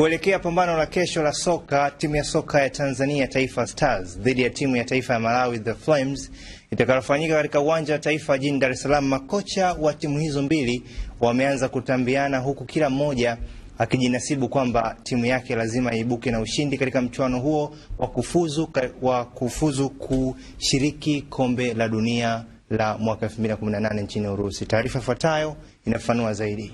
Kuelekea pambano la kesho la soka, timu ya soka ya Tanzania Taifa Stars dhidi ya timu ya taifa ya Malawi The Flames itakalofanyika katika uwanja wa taifa jijini Dar es Salaam, makocha wa timu hizo mbili wameanza kutambiana, huku kila mmoja akijinasibu kwamba timu yake lazima iibuke na ushindi katika mchuano huo wa kufuzu, wa kufuzu kushiriki kombe la dunia la mwaka 2018 nchini Urusi. Taarifa ifuatayo inafanua zaidi.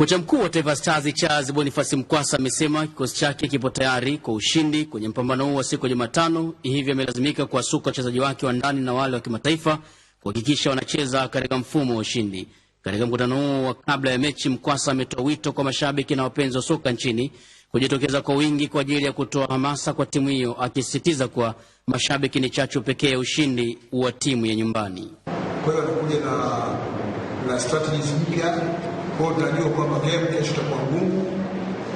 Kocha mkuu wa Taifa Stars Charles Bonifasi Mkwasa amesema kikosi chake kipo tayari kwa ushindi kwenye mpambano huu wa siku ya Jumatano, hivyo amelazimika kuwasuka wachezaji wake wa ndani na wale wa kimataifa kuhakikisha wanacheza katika mfumo wa ushindi. Katika mkutano huo wa kabla ya mechi, Mkwasa ametoa wito kwa mashabiki na wapenzi wa soka nchini kujitokeza kwa wingi kwa ajili ya kutoa hamasa kwa timu hiyo, akisisitiza kuwa mashabiki ni chachu pekee ya ushindi wa timu ya nyumbani. Kwa hiyo amekuja na, na strategies mpya kwa hiyo tunajua kwamba game kesho itakuwa ngumu,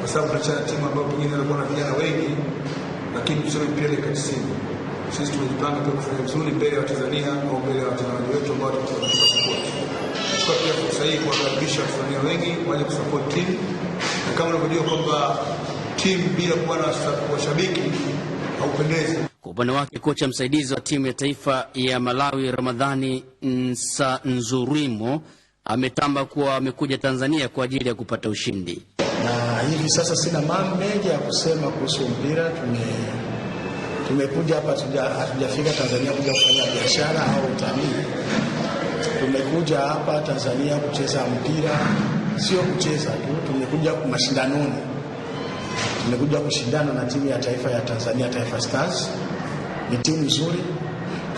kwa sababu tunachana timu ambayo pengine alikuwa na vijana wengi, lakini tuseme mpira dakika tisini. Sisi tumejipanga pia kufanya vizuri mbele ya Watanzania au mbele ya watazamaji wetu ambao tutawapa support. Kwa pia fursa hii kuwakaribisha Watanzania wengi waje kusupport timu, na kama unavyojua kwamba timu bila kuwa na washabiki haupendezi. Kwa upande wake kocha msaidizi wa timu ya taifa ya Malawi Ramadhani Nsanzurimo ametamba kuwa amekuja Tanzania kwa ajili ya kupata ushindi. Na hivi sasa sina mambo mengi ya kusema kuhusu mpira. Tumekuja hapa, hatujafika Tanzania kuja kufanya biashara au utalii. Tumekuja hapa Tanzania kucheza mpira, sio kucheza tu, tumekuja mashindanoni, tumekuja kushindana na timu ya taifa ya Tanzania, Taifa Stars. Ni timu nzuri,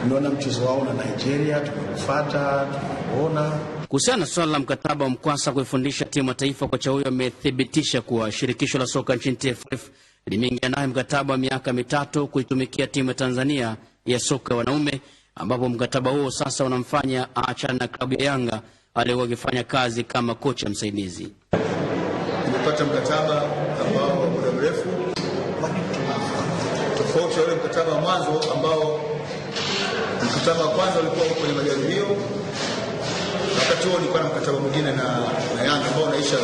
tumeona mchezo wao na Nigeria, tumekufuata, tumekuona Kuhusiana na suala la mkataba wa mkwasa kuifundisha timu ya taifa, kocha huyo amethibitisha kuwa shirikisho la soka nchini TFF limeingia nayo mkataba wa miaka mitatu kuitumikia timu ya Tanzania ya soka ya wanaume, ambapo mkataba huo sasa unamfanya aachana na klabu ya Yanga aliyokuwa akifanya kazi kama kocha msaidizi. Tumepata mkataba ambao wa muda mrefu tofauti na ule mkataba wa mwanzo ambao mkataba wa kwanza ulikuwa kwenye majaribio wakati huo nilikuwa na mkataba mwingine na, na Yanga ambao unaisha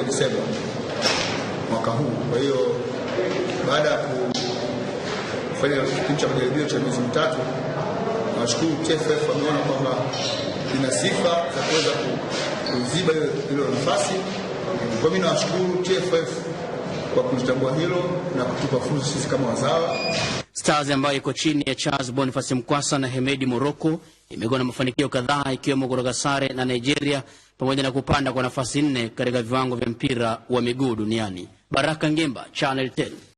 31 Desemba mwaka huu. Kwa hiyo baada ya kufanya kipindi cha majaribio cha miezi mitatu, nashukuru TFF wameona kwamba ina sifa za kuweza kuziba hilo nafasi. Kwa mimi nawashukuru TFF kwa kulitambua hilo na kutupa fursa sisi kama wazawa. Stars ambayo iko chini ya Charles Boniface Mkwasa na Hemedi Moroko imekuwa na mafanikio kadhaa ikiwemo kutoka sare na Nigeria pamoja na kupanda kwa nafasi nne katika viwango vya mpira wa miguu duniani. Baraka Ngemba, Channel 10.